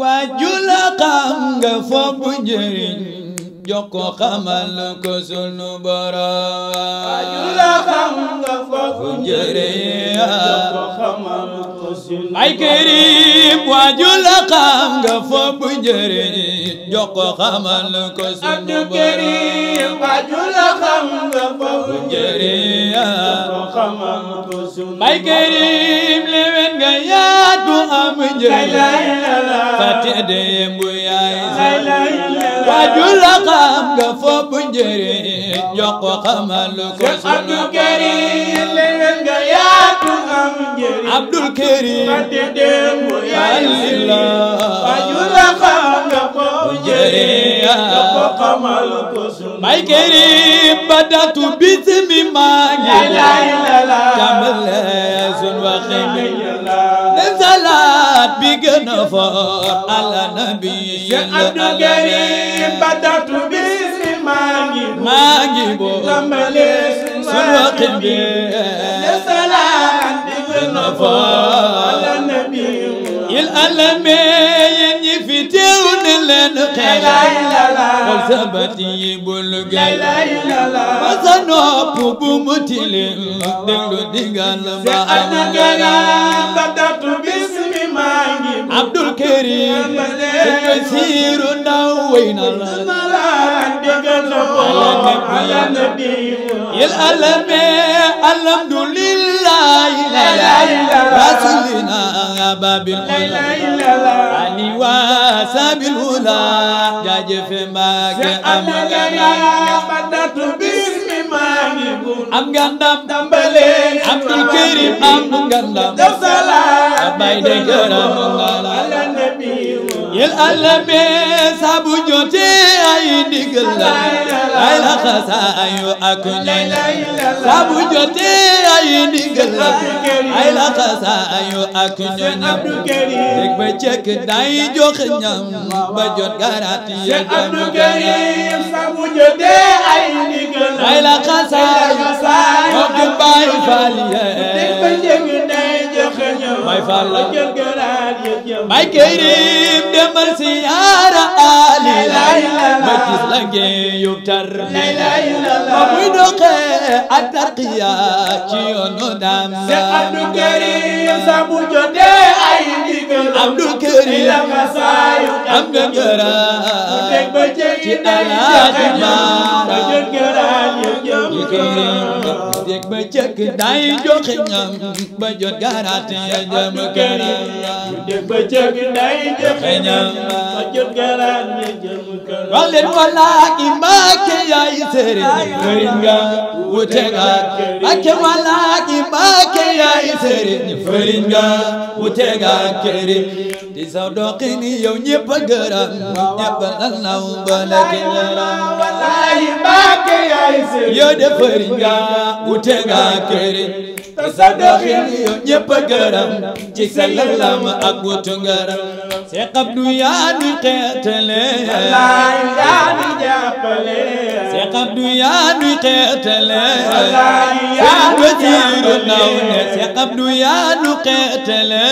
waaju la xam nga fopp njëriñ jox ko xamal ko la ko xamal ko sunu borom. ay kërim mu jël fàtte démb yaay waajur la xam nga fopp njëriñ jox ko xamal ko sunu Abdul Karim fàtte démb yaay waajur la xam nga fopp njëriñ jox ko xamal ko sunu Bay Karim badatu bismi maa ngi tàmbale sunu waxi bi gën a foor ala nabi ya Abdu Karim badatu bi maa ngi boo tambale sun waqin bi ya salaam bi gën a foor ala nabi il alame yéen ñi fi teew ne leen xelal xol sabat yi bul gay ba sa bu mu tilim déglu digal ba ala nabi Abdul Karim Basiru ndaw wey na la ala nabi yal alame alhamdulillah la ilaha rasulina babil la ilaha ani wa sabil hula jaajëf mbake amagana badatu bismi magi am nga ndam dambale Abdul Karim am nga ndam bayde gërëm nga yel Allah be sabu jote ay ndigal la ay la xasaayu ak lay sabu ay la ay la xasaayu ak ñoñam deg ba cek day jox ñam ba jot garanti ya Abdou Karim sabu jote ay ndigal la ay la xasaayu ak bay fal ya Baay Faal la Baay Karim demal siyaara Ali ma gis la ngeen yu tar ma muy doxee at tarqiya ci yoonu daam Seex Abdu Karim sa bu jotee Abdou Karim am nga ngërëm ci Alaaji Maara Abdou Karim dégg ba cëkk day joxe ñam ba jot garaate ya jëm kanam dégg ba cëkk day joxe ñam ba jot garaate ya jëm kanam walla wallaahi Mbàkke yaay sëriñ sëriñ nga wute nga ak wallaahi Mbàkke yaay sëriñ sëriñ nga wute nga bëri ti saw doxini yow ñëpp a gërëm ñëpp a law bala gërëm wallahi Mbàkke yaay sëriñ yow defari nga wute nga këri ti saw doxini yow ñëpp a gërëm ci sa ak wutu ngërëm Seex Abdu yaa di xeetale wallahi yaa di jàppale kaddu yaa nuy xeetale seen basiiru naw ne si kaddu yaa nu xeetale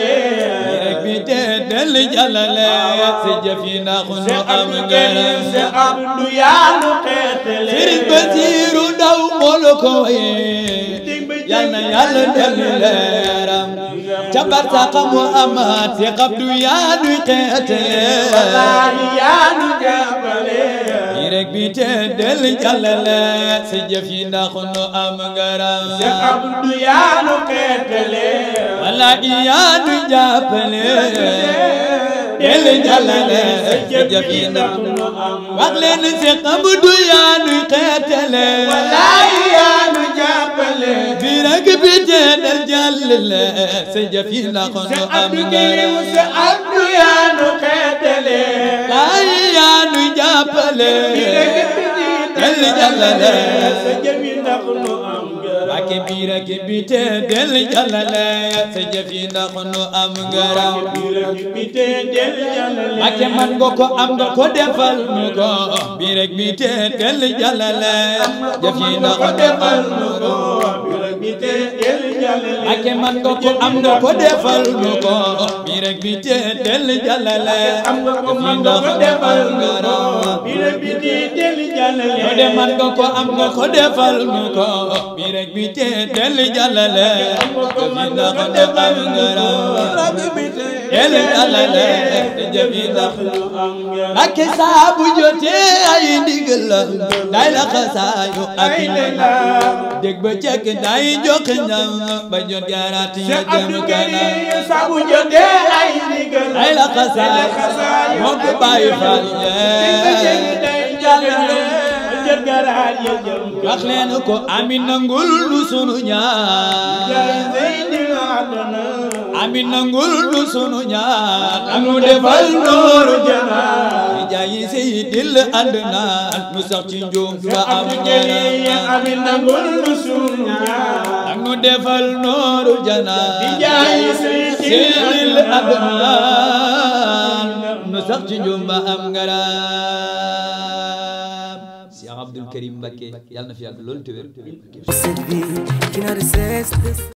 yeeg bi dee del jalale si jëf yi ndax nu am ngaram sëriñ basiiru naw moolu ko yal na leeram te del jàllale si jëf yi ndax nu am ngaram si Abdu yaa yaa nu jàppale del si jëf yi ndax nu am wax leen si Abdu yaa nu xeetale wala si jëf yi ndax nu am ngaram si Abdu yaa nu xeetale jàppale del jàllale sa bite del jàllale sa jëf man nga ko am nga ko defal nu ko ake man nga ko am nga defal nga ko bi bi te del jalale am nga ko man nga ko defal nga ko lu de man nga ko am nga ko defal ñu ko bi rek bi te del jàllale jëf yi ndax ñu am ngërëm del jàllale jëf yi ndax ñu am ngërëm ak saa bu jotee ay ndigal la day la xasaayu ak la dégg ba cekk day joxe ñam ba jot garaati ya jëm kanam saa bu jotee ay ndigal day la xasaayu moo ko bàyyi faal jëkkëraat ya jëm sunu ñaar jaay zeyni defal nu sax ci njuum fa am amin nu sax ci njuum am ngaraar si Abdou Karim Mbacké yàlla na fi yàgg loolu te wér